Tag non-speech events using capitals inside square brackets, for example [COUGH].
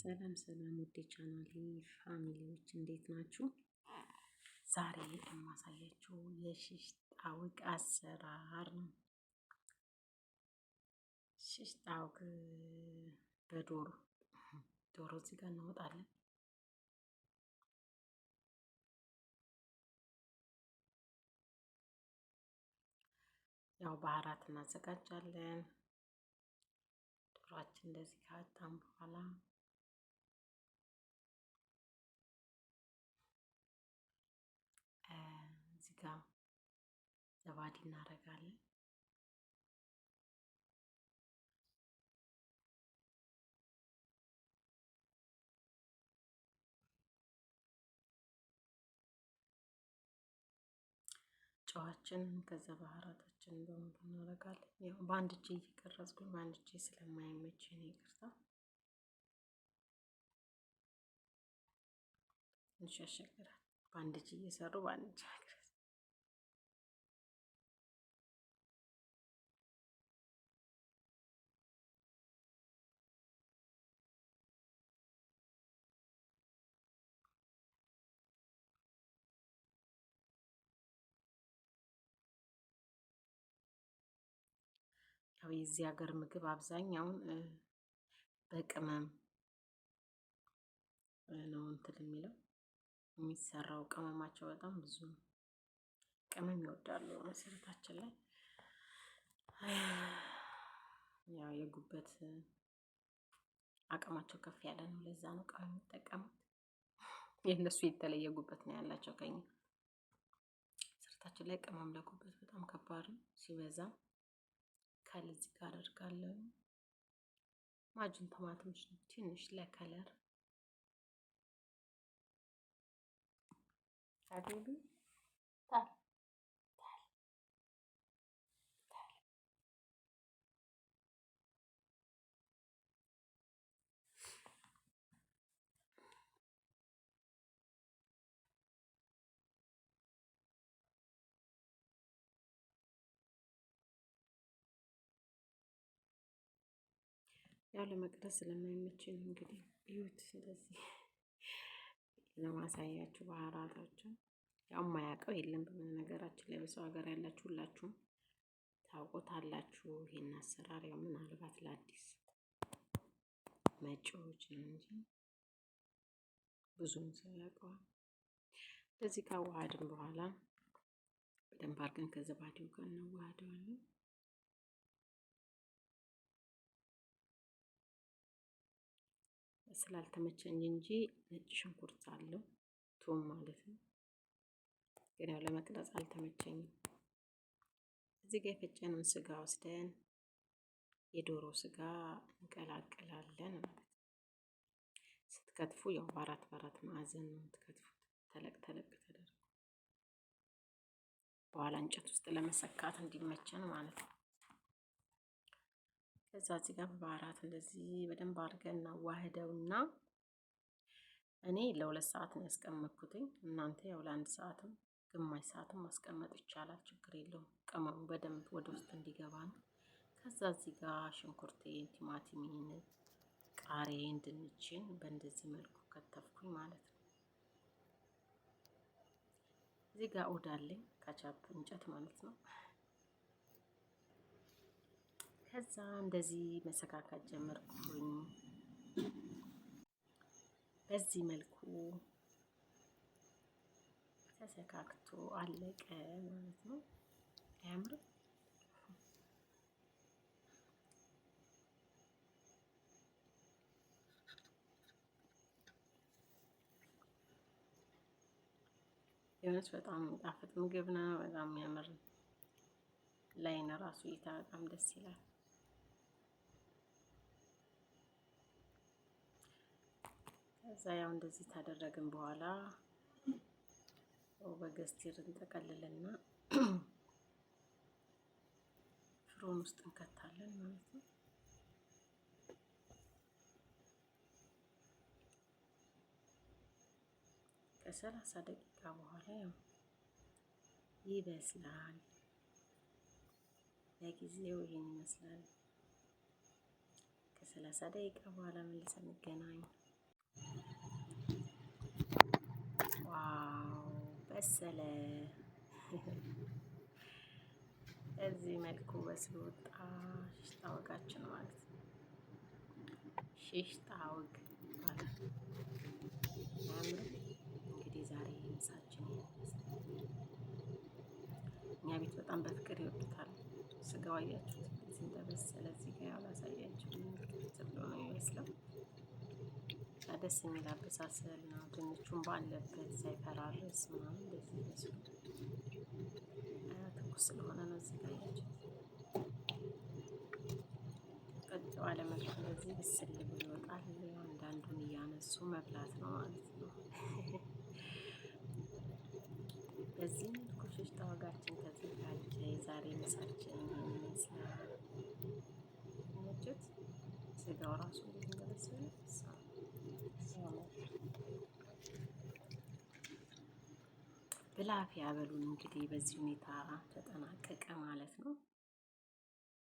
ሰላም ሰላም ውዴ ቻናሌ ፋሚሊዎች እንዴት ናችሁ? ዛሬ የማሳያችሁ የሽሽጣ ወግ አሰራር ነው። ሽሽጣ ወግ በዶሮ [CLEARS THROAT] ዶሮ እዚህ ጋር እናወጣለን። ያው ባህራት እናዘጋጃለን። ዶሯችን እንደዚህ ካጣን በኋላ እዚህ ጋር ዘባዲ እናደርጋለን። ጨዋችንን ከዛ ባህራታችን በሙሉ እናደርጋለን። ያው በአንድ እጄ እየቀረጽኩኝ በአንድ እጄ ስለማይመች ነው ይቅርታ። እንሸሸግራል በአንድ እጅ እየሰሩ በአንድ እጅ ያው የዚህ ሀገር ምግብ አብዛኛውን በቅመም ነው እንትን የሚለው የሚሰራው። ቅመማቸው በጣም ብዙ ነው። ቅመም ይወዳሉ መሰረታችን ላይ ያው የጉበት አቅማቸው ከፍ ያለ ነው። ለዛ ነው ቅመም የሚጠቀሙት። የእነሱ የተለየ ጉበት ነው ያላቸው ከኛ። መሰረታችን ላይ ቅመም ለጉበት በጣም ከባድ ነው ሲበዛ ከል እዚህ ጋር አደርጋለሁ። ማጁን ነው ትንሽ ለከለር አቤቢ ያው ለመቅረጽ ስለማይመችን እንግዲህ እዩት። ስለዚህ ለማሳያችሁ ባህራታችን ያው የማያውቀው የለም። በነገራችን ላይ በሰው ሀገር ያላችሁ ሁላችሁም ታውቆታላችሁ ይሄን አሰራር። ያው ምናልባት ለአዲስ መጪዎች ነው እንጂ ብዙም ሰው ያውቀዋል። እንደዚህ ካዋሃድን በኋላ በደንብ አድርገን ከዘባዴው ጋር እናዋሃደዋለን። ስላልተመቸኝ እንጂ ነጭ ሽንኩርት አለው ቱም ማለት ነው። ግን ያው ለመቅረጽ አልተመቸኝም። እዚህ ጋር የፈጨነውን ስጋ ወስደን የዶሮ ስጋ እንቀላቅላለን ማለት ነው። ስትከትፉ ያው በአራት በአራት ማዕዘን ነው የምትከትፉት። ተለቅ ተለቅ ተደርጎ በኋላ እንጨት ውስጥ ለመሰካት እንዲመቸን ማለት ነው። ከዛ እዚህ ጋር በባህራት እንደዚህ በደንብ አድርገን እኔ ለሁለት ሰዓት ነው ያስቀመጥኩትኝ። እናንተ ያው ለአንድ ሰዓትም ግማሽ ሰዓትም ማስቀመጥ ይቻላል፣ ችግር የለውም። ቅመሙ በደንብ ወደ ውስጥ እንዲገባ ነው። ከዛ እዚህ ጋር ሽንኩርቴን፣ ቲማቲሜን፣ ቃሪያን፣ ድንችን በእንደዚህ መልኩ ከተፍኩኝ ማለት ነው። እዚህ ጋር ኦዳለኝ ከቻፕ እንጨት ማለት ነው። ከዛ እንደዚህ መሰካካት ጀመርኩኝ። በዚህ መልኩ ተሰካክቶ አለቀ ማለት ነው። አያምርም? የሆነች በጣም ጣፍጥ ምግብ ነው። በጣም የሚያምር ላይን ራሱ እይታ በጣም ደስ ይላል። ከዛ ያው እንደዚህ ታደረግን በኋላ በገስቲር እንጠቀልልና ፍሮን ውስጥ እንከታለን ማለት ነው። ከሰላሳ ደቂቃ በኋላ ያው ይበስላል። ለጊዜው ይህን ይመስላል። ከሰላሳ ደቂቃ በኋላ መልሰን እንገናኝ። በሰለ። እዚህ መልኩ በስሎ ወጣ። ሽሽታ ወጋችን ማለት ነው። ሽሽታ ወግ ይባላል። እንግዲህ ዛሬ ምሳችን እኛ ቤት በጣም በፍቅር ይወዱታል። ስጋው አያችሁት እንደበሰለ እዚህ ብሎ ነው ደስ የሚል አበሳሰል ነው። ድንቹን ባለበት ሳይፈራርስ ምናምን ደስ ይመስሉ ትኩስ ስለሆነ ነው። ዘጋጅ ቀጭ ባለመልኩ በዚህ ብስል ብሎ ይወጣል። አንዳንዱን እያነሱ መብላት ነው ማለት ነው። በዚህ ኩሾች ተዋጋችን ተዘጋጀ። የዛሬ ምሳችን ይመስላል። ስጋው ራሱ ላፊ ያበሉ እንግዲህ በዚህ ሁኔታ ተጠናቀቀ ማለት ነው።